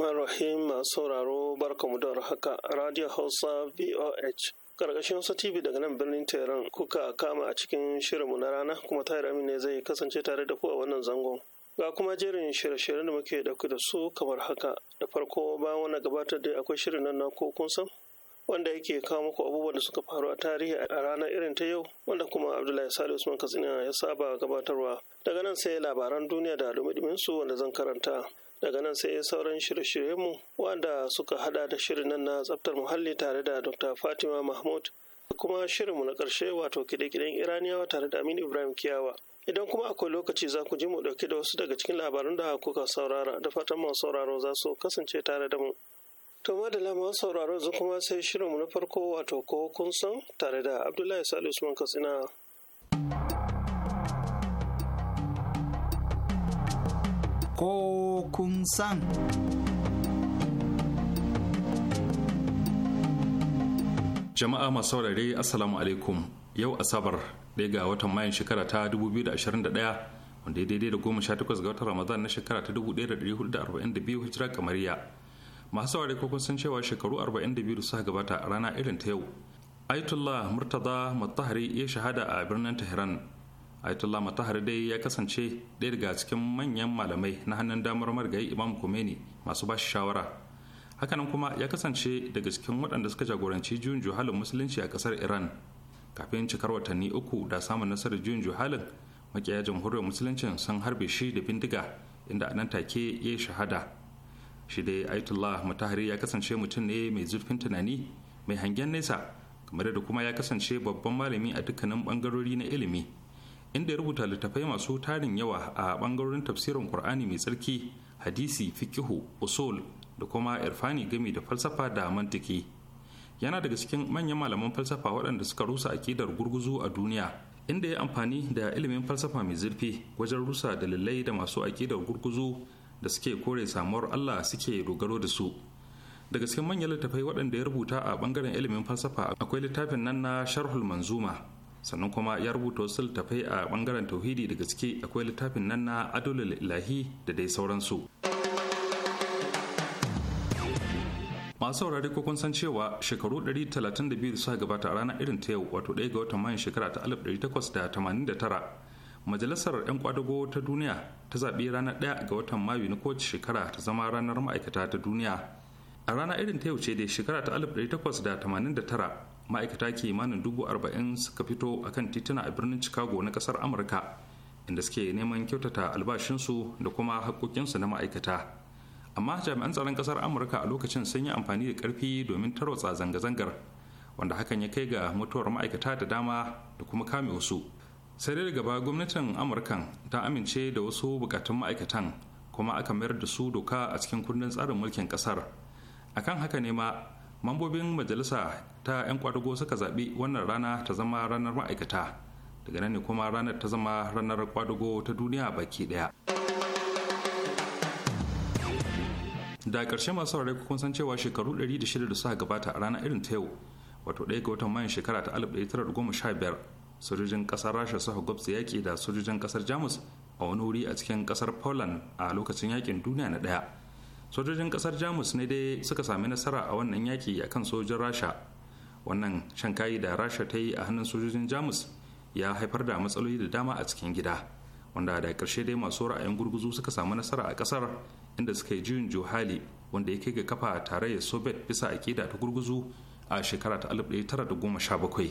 rahman rahim masu sauraro barkamu da haka radio hausa voh karkashin wasu tv daga nan birnin tehran kuka kama a cikin shirinmu na rana kuma tayar ne zai kasance tare da ku a wannan zangon ga kuma jerin shirye-shiryen da muke dauke da su kamar haka da farko bayan wani gabatar da akwai shirin nan na ko kun san wanda yake kawo muku abubuwan da suka faru a tarihi a ranar irin ta yau wanda kuma Abdullahi sali Usman Katsina ya saba gabatarwa. Daga nan sai labaran duniya da dumi su wanda zan karanta. Daga nan sai sauran shirye-shiryenmu wanda suka hada da shirin nan na tsaftar muhalli tare da Dr. Fatima Mahmud da kuma shirinmu na karshe wato kide-kiden Iraniyawa tare da Aminu Ibrahim Kiyawa. Idan kuma akwai lokaci za ku ji mu ɗauki da wasu daga cikin labarun da kuka saurara da fatan masu sauraro za su kasance tare da mu. To madalla masu sauraro yanzu kuma sai shirinmu na farko wato ko kun san tare da Abdullahi Sali Usman Katsina. Ko kun san. Jama'a masu saurare Assalamu alaikum yau Asabar ɗaya ga watan mayan shekara ta 2021 wanda ya daidai da 18 ga watan Ramadan na shekara ta 1442 hijira kamariya. masu saurari ko kun san cewa shekaru 42 suka gabata a rana irin ta yau Aitullah Murtaza Matahari ya shahada a birnin Tehran. Aitullah Matahari dai ya kasance ɗaya daga cikin manyan malamai na hannun damar marigayi Imam Khomeini masu bashi shawara. Hakanan kuma ya kasance daga cikin waɗanda suka jagoranci juyin juhalin musulunci a ƙasar Iran. Kafin cikar watanni uku da samun nasarar juyin juhalin, makiya jamhuriyar musuluncin sun harbe shi da bindiga inda a nan take ya shahada. shi dai aitullah mutahari ya kasance mutum ne mai zurfin tunani mai hangen nesa kamar da kuma ya kasance babban malami a dukkanin bangarori na ilimi inda ya rubuta littattafai masu tarin yawa a bangarorin tafsirin qur'ani mai tsarki hadisi fikihu usul da kuma irfani gami da falsafa da mantiki yana daga cikin manyan malaman falsafa waɗanda suka rusa akidar gurguzu a duniya inda ya amfani da ilimin falsafa mai zurfi wajen rusa dalilai da masu akidar gurguzu da suke kore samuwar Allah suke dogaro da su daga cikin manyan littafai waɗanda ya rubuta a ɓangaren ilimin falsafa akwai littafin nan na sharhul manzuma sannan kuma ya rubuta wasu littafai a ɓangaren tauhidi daga ciki akwai littafin nan na adulul ilahi da dai sauransu masu saurari ko kun san cewa shekaru 132 da suka gabata a ranar irin ta yau wato ɗaya ga watan mayan shekara ta 1889 majalisar 'yan kwadago ta duniya ta zaɓi ranar ɗaya ga watan mayu na kowace shekara ta zama ranar ma'aikata ta duniya a rana irin ta yauce da shekara ta tara ma'aikata ke kimanin dubu arba'in suka fito akan tituna a birnin chicago na kasar amurka inda suke neman kyautata albashinsu da kuma haƙoƙinsu na ma'aikata amma jami'an tsaron kasar amurka a lokacin sun yi amfani da ƙarfi domin tarwatsa zanga-zangar wanda hakan ya kai ga mutuwar ma'aikata da dama da kuma kame wasu sai dai gaba gwamnatin amurkan ta amince da wasu bukatun ma'aikatan kuma aka mayar da su doka a cikin kundin tsarin mulkin kasar akan haka ne ma mambobin majalisa ta 'yan kwadago suka zaɓi wannan rana ta zama ranar ma'aikata daga nan ne kuma ranar ta zama ranar kwadugo ta duniya baki ɗaya da ƙarshe masu saurare kun san cewa shekaru 106 da suka gabata a ranar irin ta yau wato ɗaya ga watan mayan shekara ta 1915 sojojin kasar rasha suka gwabza yaƙi da sojojin kasar jamus a wani wuri a cikin kasar poland a lokacin yakin duniya na ɗaya sojojin kasar jamus ne dai suka sami nasara a wannan yaƙi a kan sojojin rasha wannan shan kayi da rasha ta yi a hannun sojojin jamus ya haifar da matsaloli da dama a cikin gida wanda da karshe dai masu ra'ayin gurguzu suka sami nasara a ƙasar inda suka yi juyin johali wanda ya kai ga kafa tarayyar soviet bisa ƙida ta gurguzu a shekara ta bakwai.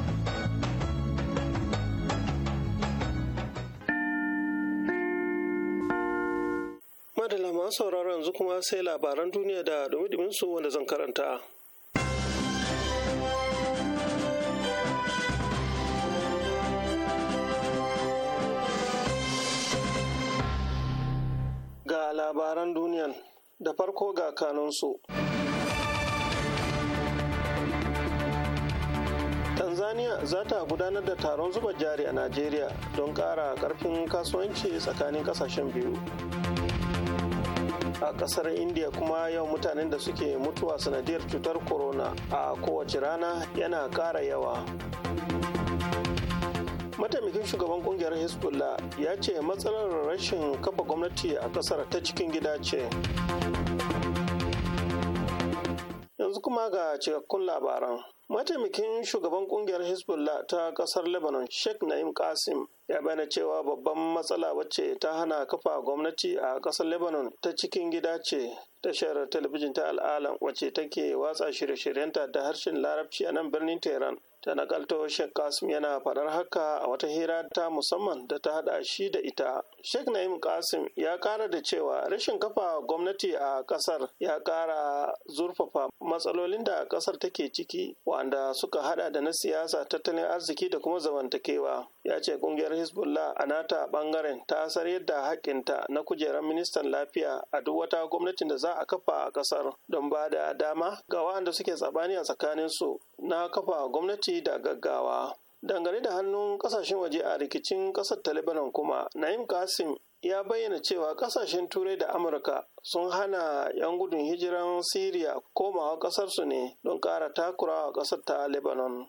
masu sauraron yanzu kuma sai labaran duniya da dumi su wanda zan karanta. Ga labaran duniyan da farko ga kanunsu. Tanzania za ta gudanar da taron zuba jari a Najeriya don ƙara ƙarfin kasuwanci tsakanin ƙasashen biyu. a kasar india kuma yau mutanen da suke mutuwa sanadiyar cutar corona a kowace rana yana ƙara yawa mataimakin shugaban kungiyar hezbollah ya ce matsalar rashin kafa gwamnati a kasar ta cikin gida ce yanzu kuma ga cikakkun labaran mataimakin shugaban kungiyar hezbollah ta kasar lebanon sheikh na'im kasim ya bayyana cewa babban matsala wacce ta hana kafa gwamnati a ƙasar lebanon ta cikin gida ce tashar talabijin ta al'alam wacce take watsa shirye-shiryenta da harshen larabci a nan birnin tehran ta nakalto sheikh kasim yana faɗar haka a wata hira ta musamman da ta hada shi da ita sheikh na'im kasim ya ƙara da cewa rashin kafa gwamnati a ƙasar ya ƙara zurfafa matsalolin da ƙasar take ciki wanda suka haɗa da na siyasa tattalin arziki da kuma zamantakewa ya ce ƙungiyar hezbollah a nata bangaren ta san yadda hakinta na kujerar ministan lafiya a duk wata gwamnatin da za a kafa a ƙasar don ba da dama ga waɗanda suke tsabani a tsakaninsu na kafa gwamnati da gaggawa dangane da hannun kasashen waje a rikicin ƙasar ta lebanon kuma na'im kasim ya bayyana cewa ƙasashen turai da amurka sun hana 'yan gudun hijiran siriya komawa ƙasarsu ne don ƙara takurawa ƙasar ta lebanon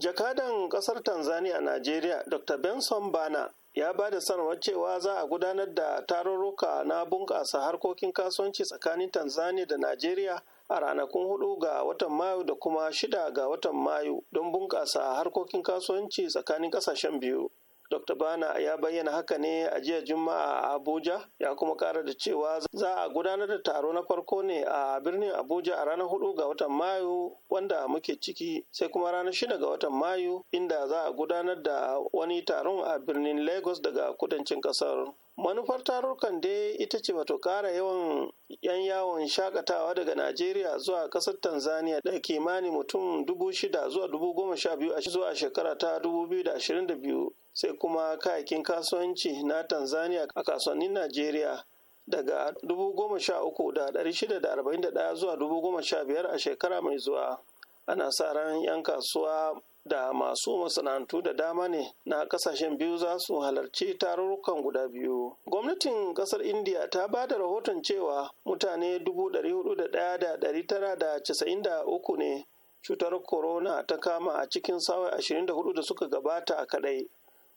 jakadan kasar tanzania najeriya dr benson bana ya ba da sanarwar cewa za a gudanar da tarurruka na bunƙasa harkokin kasuwanci tsakanin tanzania da najeriya a ranakun hudu ga watan mayu da kuma shida ga watan mayu don bunƙasa harkokin kasuwanci tsakanin ƙasashen biyu Dr. Bana ya bayyana haka ne a jiya Juma'a a Abuja ya kuma kara da cewa za a gudanar da taro na farko ne a birnin Abuja a ranar hudu ga watan Mayu wanda muke ciki sai kuma ranar shida ga watan Mayu inda za a gudanar da wani taron a birnin Lagos daga kudancin kasar. manufar tarurkan dai ita ce wato kara yawan 'yan yawon shakatawa daga najeriya zuwa ƙasar tanzania da kimanin mutum dubu shida zuwa dubu goma sha biyu zuwa shekara ta dubu biyu da ashirin da biyu sai kuma kayakin kasuwanci na tanzania a kasuwannin najeriya daga 13,641 zuwa 15,000 a shekara mai zuwa ana sa ran 'yan kasuwa da masu masana'antu da dama ne na kasashen biyu za su halarci tarurrukan guda biyu. Gwamnatin kasar India ta ba da rahoton cewa mutane 401,993 ne cutar corona ta kama a cikin sawai 24 da suka gabata a kadai.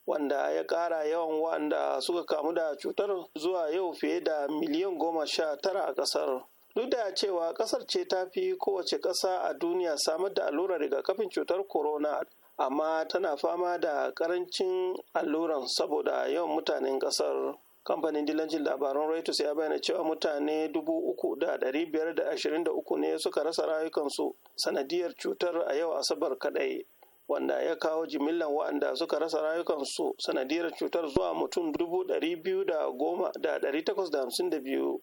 wanda ya ƙara yawan wanda suka kamu da cutar zuwa yau fiye da miliyan goma sha tara a ƙasar. Duk da cewa ƙasar ce ta fi kowace ƙasa a duniya samar da allurar rigakafin cutar corona amma tana fama da ƙarancin alluran saboda yawan mutanen ƙasar. kamfanin dilancin labaran Reuters ya bayyana cewa mutane uku ne suka rasa rayukansu sanadiyar cutar a yau asabar kadai wanda ya kawo jimillan waɗanda suka rasa rayukansu sanadiyar cutar zuwa mutum dubu ɗari biyu da goma da ɗari takwas da hamsin da biyu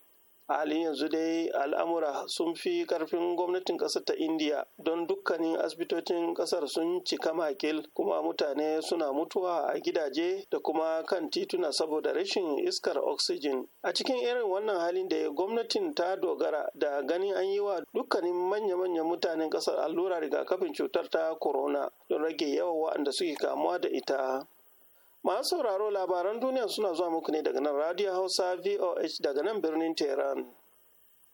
a halin yanzu dai al'amura sun fi karfin gwamnatin ƙasar ta indiya don dukkanin asibitocin ƙasar sun cika makil kuma mutane suna mutuwa a gidaje da kuma kan tituna saboda rashin iskar oxygen a cikin irin wannan halin da gwamnatin ta dogara da ganin an yi wa dukkanin manya-manyan mutanen ƙasar allura rigakafin cutar ta corona don rage yawan waɗanda suke kamuwa da ita Masu sauraro labaran duniya suna zuwa muku ne daga nan Radio Hausa VOH daga nan birnin Tehran.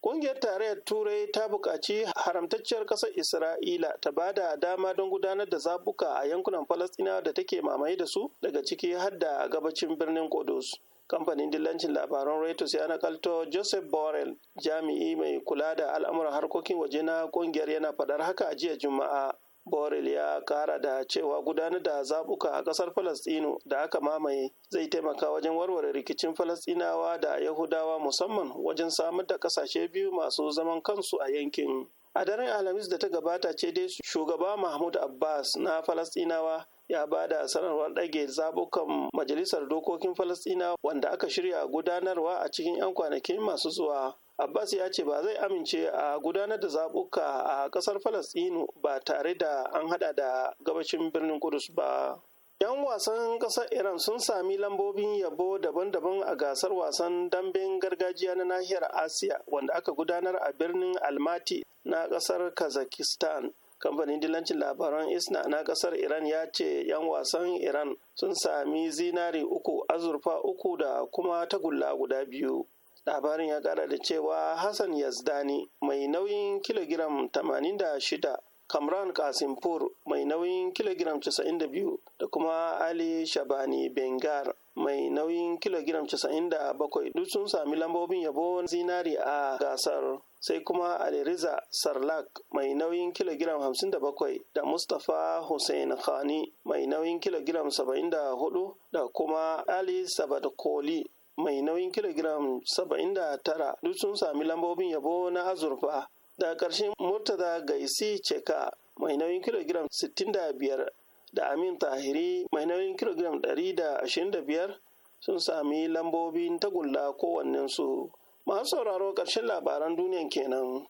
Ƙungiyar tarayyar Turai ta buƙaci haramtacciyar ƙasar Isra'ila ta ba da dama don gudanar da zabuka a yankunan falastina da take mamaye da su daga ciki har da gabacin birnin Kudus. Kamfanin dillancin labaran Reuters ya nakalto Joseph Borrell, jami'i mai kula da al'amuran harkokin waje na ƙungiyar yana faɗar haka a jiya Juma'a. borel ya kara da cewa gudanar da zabuka a kasar falastinu da aka mamaye zai taimaka wajen warware rikicin falastinawa da yahudawa musamman wajen samar da kasashe biyu masu zaman kansu a yankin a daren alhamis da ta gabata ce dai shugaba mahmud abbas na falastinawa ya ba da sanarwar ɗage zabukan majalisar dokokin falastinawa wanda aka shirya gudanarwa a cikin 'yan kwanaki masu zuwa Abbas ya ce ba zai amince a gudanar da zaɓuka a ƙasar Falasɗinu ba tare da an haɗa da gabashin birnin Kudus ba. 'Yan wasan ƙasar Iran sun sami lambobin yabo daban-daban a gasar wasan damben gargajiya na nahiyar Asiya wanda aka gudanar a birnin Almati na ƙasar Kazakhstan. kamfanin dilancin labaran isna na ƙasar iran ya ce 'yan wasan iran sun sami zinari uku azurfa uku da kuma tagulla guda biyu labarin ya kara da cewa hassan yazdani mai nauyin kilogiram 86 kamran kasimpur mai nauyin kilogiram 92 da kuma ali shabani bengar mai nauyin kilogiram 97 duk sun sami lambobin yabo zinari a gasar sai kuma aliriza sarlak mai nauyin kilogiram 57 da mustapha hussein khani mai nauyin kilogiram 74 da kuma ali sabad mai nauyin kilogiram 79 duk sun sami lambobin yabo na azurfa da ƙarshen murtaza gaisi ceka mai nauyin kilogiram 65 da amin tahiri mai nauyin kilogiram 125 sun sami lambobin tagulla kowannensu masu sauraro ƙarshen labaran duniyan kenan.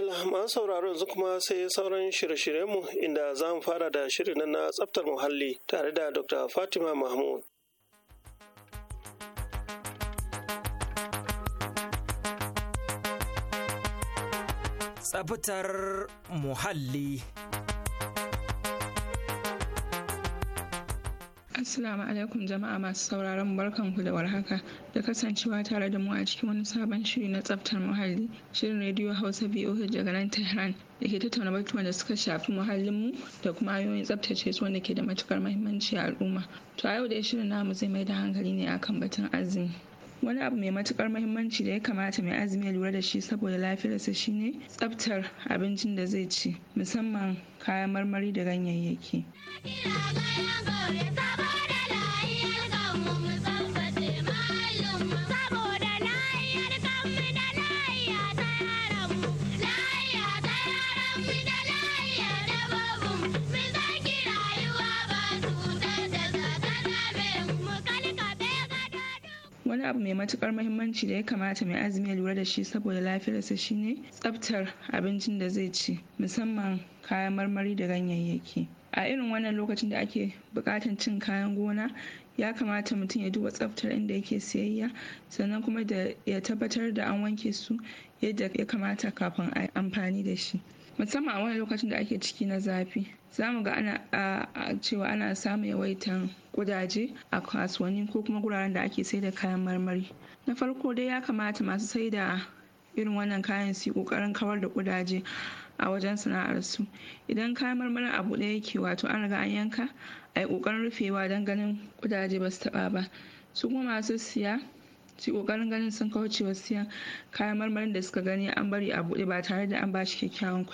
madalla masu sauraro yanzu kuma sai sauran shirye-shiryenmu inda za mu fara da shirin na tsaftar muhalli tare da Dr. Fatima Mahmud. Tsaftar muhalli. Assalamu alaikum jama'a masu sauraron barkan ku da warhaka da kasancewa tare da mu a cikin wani sabon shiri na tsaftar muhalli shirin rediyo Hausa VOH daga nan Tehran da ke tattauna batutuwan da suka shafi muhallin mu da kuma hanyoyin tsaftace su wanda ke da matukar muhimmanci a al'umma. To a yau dai shirin namu zai mai da hankali ne akan batun azumi. wani abu mai matukar muhimmanci da ya kamata mai azumi ya lura da shi saboda lafiyarsa shine tsaftar abincin da zai ci musamman kayan marmari da ganyayyaki. wani abu mai matukar muhimmanci da ya kamata mai azumi ya lura da shi saboda lafiyarsa shine tsaftar abincin da zai ci musamman kayan marmari da ganyayyaki a irin wannan lokacin da ake bukatan cin kayan gona ya kamata mutum ya duba tsaftar inda yake siyayya sannan kuma da ya tabbatar da an wanke su yadda ya kamata kafin a amfani da shi musamman a wani lokacin da ake ciki na zafi za mu ga ana cewa ana samun yawaitan Ƙudaje a kasuwanni ko kuma guraren da ake sai da kayan marmari na farko dai ya kamata masu saida irin wannan kayan su kokarin kawar da kudaje a wajen sana'arsu idan kayan marmarin a buɗe yake wato an riga an yanka a yi kokarin rufewa don ganin kudaje ba su taɓa ba su kuma masu siya su kokarin ganin sun kauce wa siyan kayan marmarin da suka gani an bari a buɗe ba tare da an ba shi kyakkyawan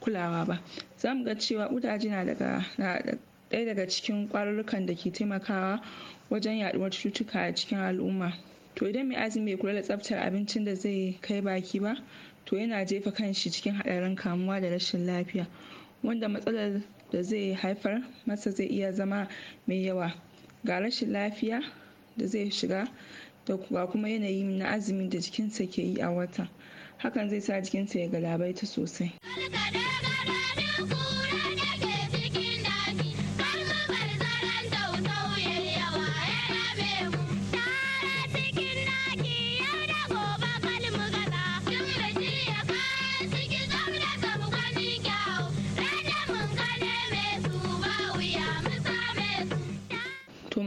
kulawa ba za mu ga cewa kudaje na daga ɗaya daga cikin ƙwarurrukan da ke taimakawa wajen yaɗuwar cututtuka a cikin al'umma to idan mai azumi bai kula da tsaftar abincin da zai kai baki ba to yana jefa kanshi cikin haɗarin kamuwa da rashin lafiya wanda matsalar da zai haifar masa zai iya zama mai yawa ga rashin lafiya da zai shiga da kuma yanayi na azumi da jikinsa ke yi a wata hakan zai sa jikinsa ya galabaita sosai.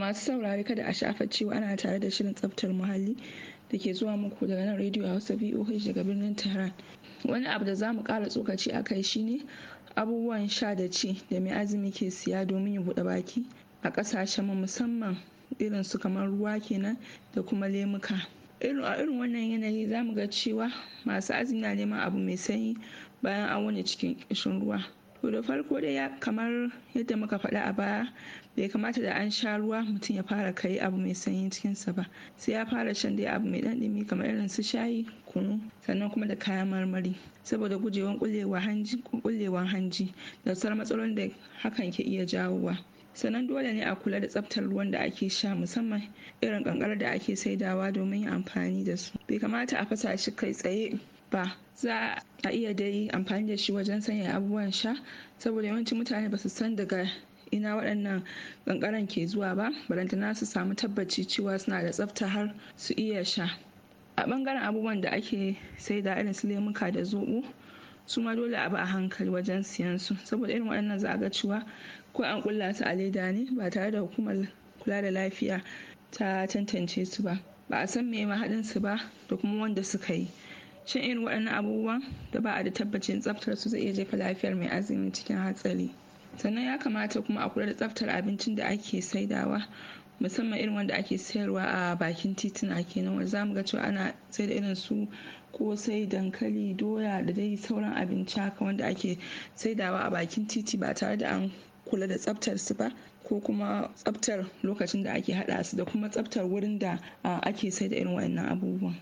masu saurari kada a shafa cewa ana tare da shirin tsaftar muhalli da ke zuwa muku daga nan rediyo hausa voh daga birnin tehran wani abu da za mu kara tsokaci a kai shine abubuwan sha da ci da mai azumi ke siya domin ya buɗe baki a ƙasashen mu musamman irin su kamar ruwa kenan da kuma lemuka irin a irin wannan yanayi za mu ga cewa masu azumi na neman abu mai sanyi bayan an wani cikin ƙishin ruwa to da farko dai kamar yadda muka faɗa a baya bai kamata da an sha ruwa mutum ya fara kai abu mai sanyi cikinsa ba sai ya fara shan dai abu mai dan kamar irin su shayi kunu sannan kuma da kayan marmari saboda gujewan kullewan hanji da sauran matsalolin da hakan ke iya jawowa sannan dole ne a kula da tsaftar ruwan da ake sha musamman irin ƙanƙara da ake saidawa domin yin amfani da su bai kamata a fasa shi kai tsaye ba za a iya dai amfani da shi wajen sanya abubuwan sha saboda yawancin mutane ba su san daga ina waɗannan ƙanƙaran ke zuwa ba barantana su samu tabbaci cewa suna da tsafta har su iya sha a ɓangaren abubuwan da ake sai da irin su lemuka da zoɓo su ma dole a bi a hankali wajen siyan su saboda irin waɗannan za a ga cewa ko an ƙulla su a leda ne ba tare da hukumar kula da lafiya ta tantance su ba ba a san me mahaɗin su ba da kuma wanda suka yi shan irin waɗannan abubuwan da ba a da tabbacin tsaftar su zai iya jefa lafiyar mai azumin cikin hatsari sannan ya kamata kuma a kula da tsaftar abincin da ake saidawa musamman irin wanda ake sayarwa a bakin titina kenan wanda zamu ga cewa ana saida irin su kosai dankali doya da dai sauran abinci haka wanda ake saidawa a bakin titi ba tare da an kula da tsaftar su ba ko kuma tsaftar lokacin da ake haɗa su da kuma tsaftar wurin da ake sai da irin waɗannan abubuwan.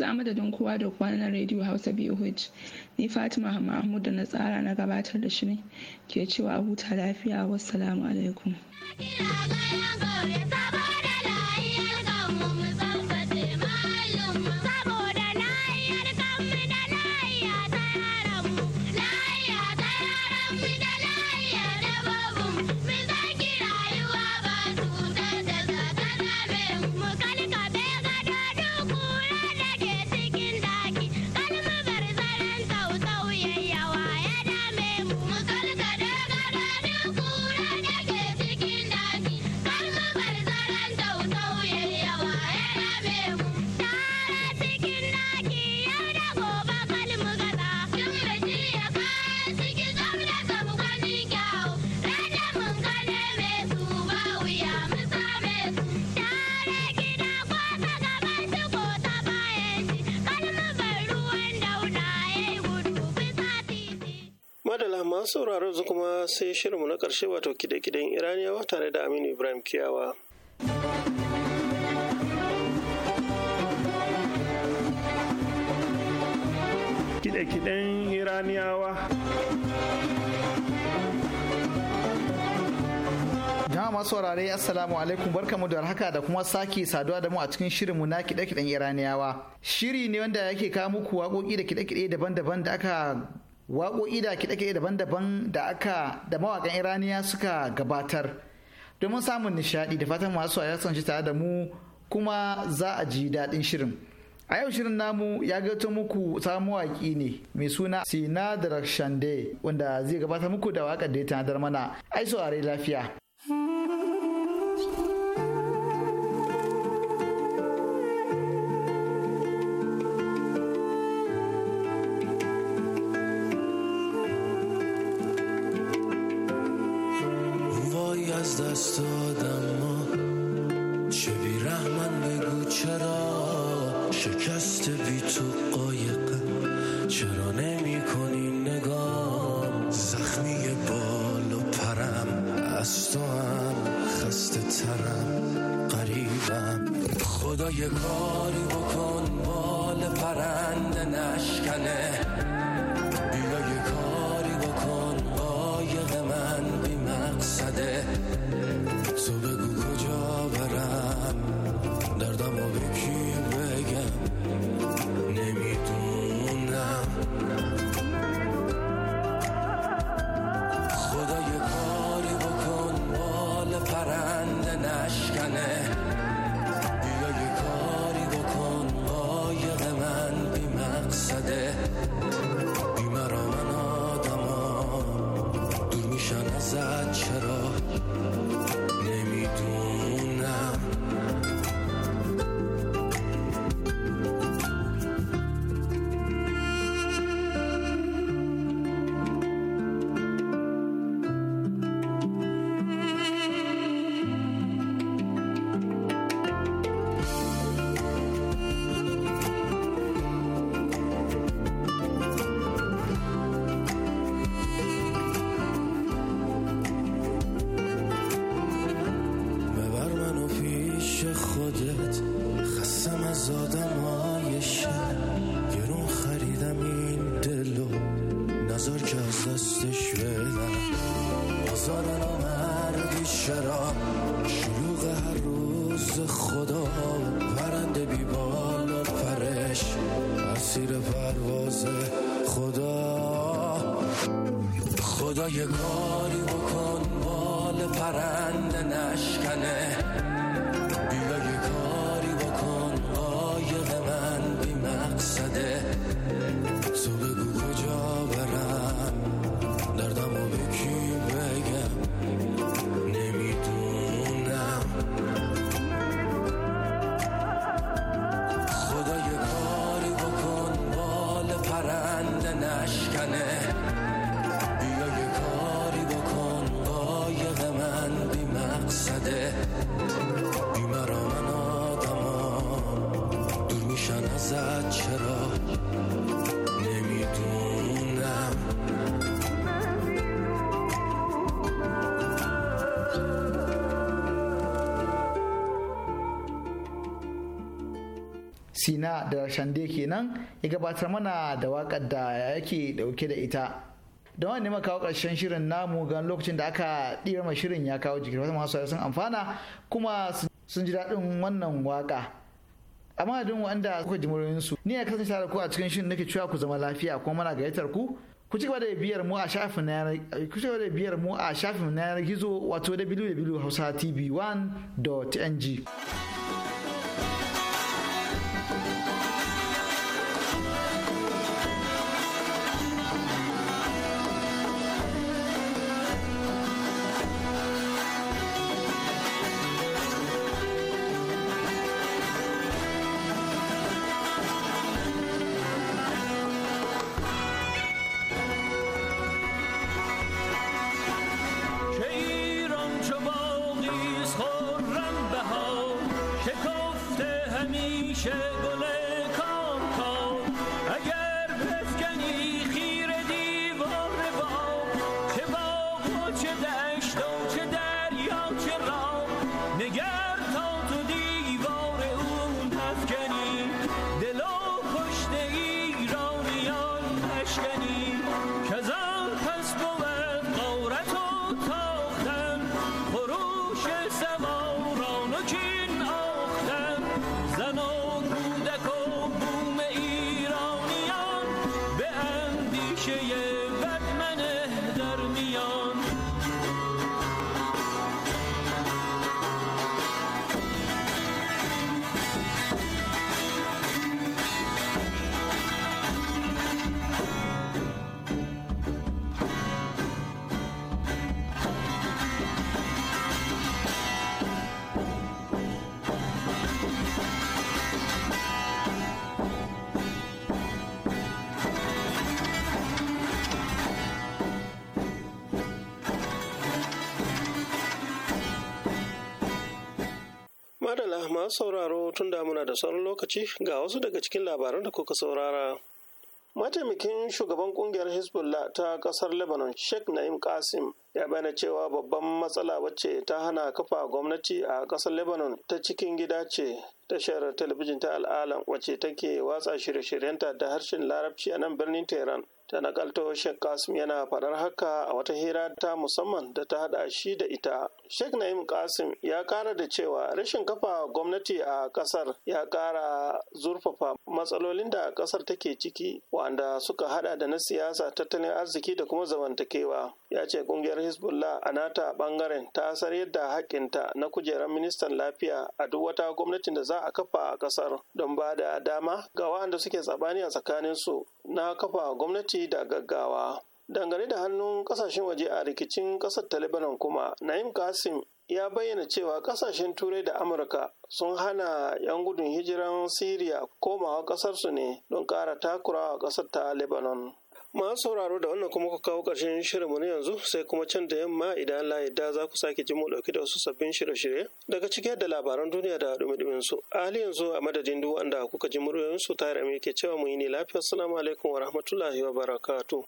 yanzu a madadin kowa da kowa na rediyo hausa BOH ni fatima mahmud da na tsara na gabatar da shirin ke cewa a huta lafiya wassalamu alaikum madala masu sauraro su kuma sai shirinmu na ƙarshe wato kide-kiden iraniyawa tare da aminu ibrahim kiyawa kide-kiden iraniyawa jama'a masu saurare assalamu alaikum barkamu da haka da kuma sake saduwa da mu a cikin shirinmu na kiɗe-kiɗen iraniyawa shiri ne wanda yake kawo muku waƙoƙi da kiɗe-kiɗe daban-daban da aka waƙoƙi da kiɗe daban-daban da aka da mawaƙan iraniya suka gabatar domin samun nishaɗi da fatan masu ya shi tare da mu kuma za a ji daɗin shirin a yau shirin namu ya gato muku samun mawaƙi ne mai suna sinadar shande wanda zai gabatar muku da waƙar da ya tanadar mana ai saurare lafiya از دست دادم ما چه بی رحمن بگو چرا شکست بی تو قایق چرا نمی کنی زخمی بال و پرم از تو هم خسته ترم قریبم خدای کاری za charo مسیر پرواز خدا خدا یه کاری بکن بال پرنده نشکنه بیا یه کاری بکن آیه من بی مقصده sina da shande kenan ya gabatar mana da wakar da yake dauke da ita da wani nema kawo karshen shirin namu gan lokacin da aka ɗira ma shirin ya kawo jikin wata masu sun amfana kuma sun ji daɗin wannan waka amma don wanda kuka ji su ni ya kasance tare ku a cikin shirin nake cewa ku zama lafiya kuma mana gayyatar ku ku ci da biyar mu a shafin na ku ci gaba da biyar mu a shafin na yanar gizo wato www.hausatv1.ng się Masu sauraro tun muna da sauran lokaci ga wasu daga cikin labaran da kuka saurara. Mataimakin shugaban kungiyar Hezbollah ta kasar Lebanon Sheikh Na'im Qasim ya bayyana cewa babban matsala wacce ta hana kafa gwamnati a kasar Lebanon ta cikin gida ce tashar talabijin ta al'alam wacce take watsa shirye-shiryenta da harshen larabci a nan birnin Tehran. ta nakalto Sheikh Kasim yana faɗar haka a wata hira ta musamman da ta hada shi da ita. Sheikh Na'im Kasim ya ƙara da cewa rashin kafa gwamnati a ƙasar ya ƙara zurfafa matsalolin da ƙasar take ciki wanda suka haɗa da na siyasa, tattalin arziki da kuma zamantakewa. Ya ce ƙungiyar Hezbollah a nata ɓangaren ta asar yadda haƙƙinta na kujerar ministan lafiya a duk wata gwamnatin da za a kafa a ƙasar don ba da dama ga waɗanda suke tsabani a tsakaninsu na kafa gwamnati da gaggawa dangane da hannun kasashen waje a rikicin kasar ta lebanon kuma na'im kasim ya bayyana cewa kasashen turai da amurka sun hana 'yan gudun hijiran siriya komawa kasarsu ne don kara takurawa kasar ta lebanon Masu sauraro da wannan kuma ku kawo ƙarshen shirinmu na yanzu sai kuma can da yamma idan Allah yarda za ku sake ji mu ɗauki da wasu sabbin shirye-shirye daga cikin da labaran duniya da dumi-dumin su. A hali yanzu a madadin duk wanda kuka ji muryoyin su tare ke cewa mu yi ne lafiya. Assalamu alaikum wa rahmatullahi wa barakatuh.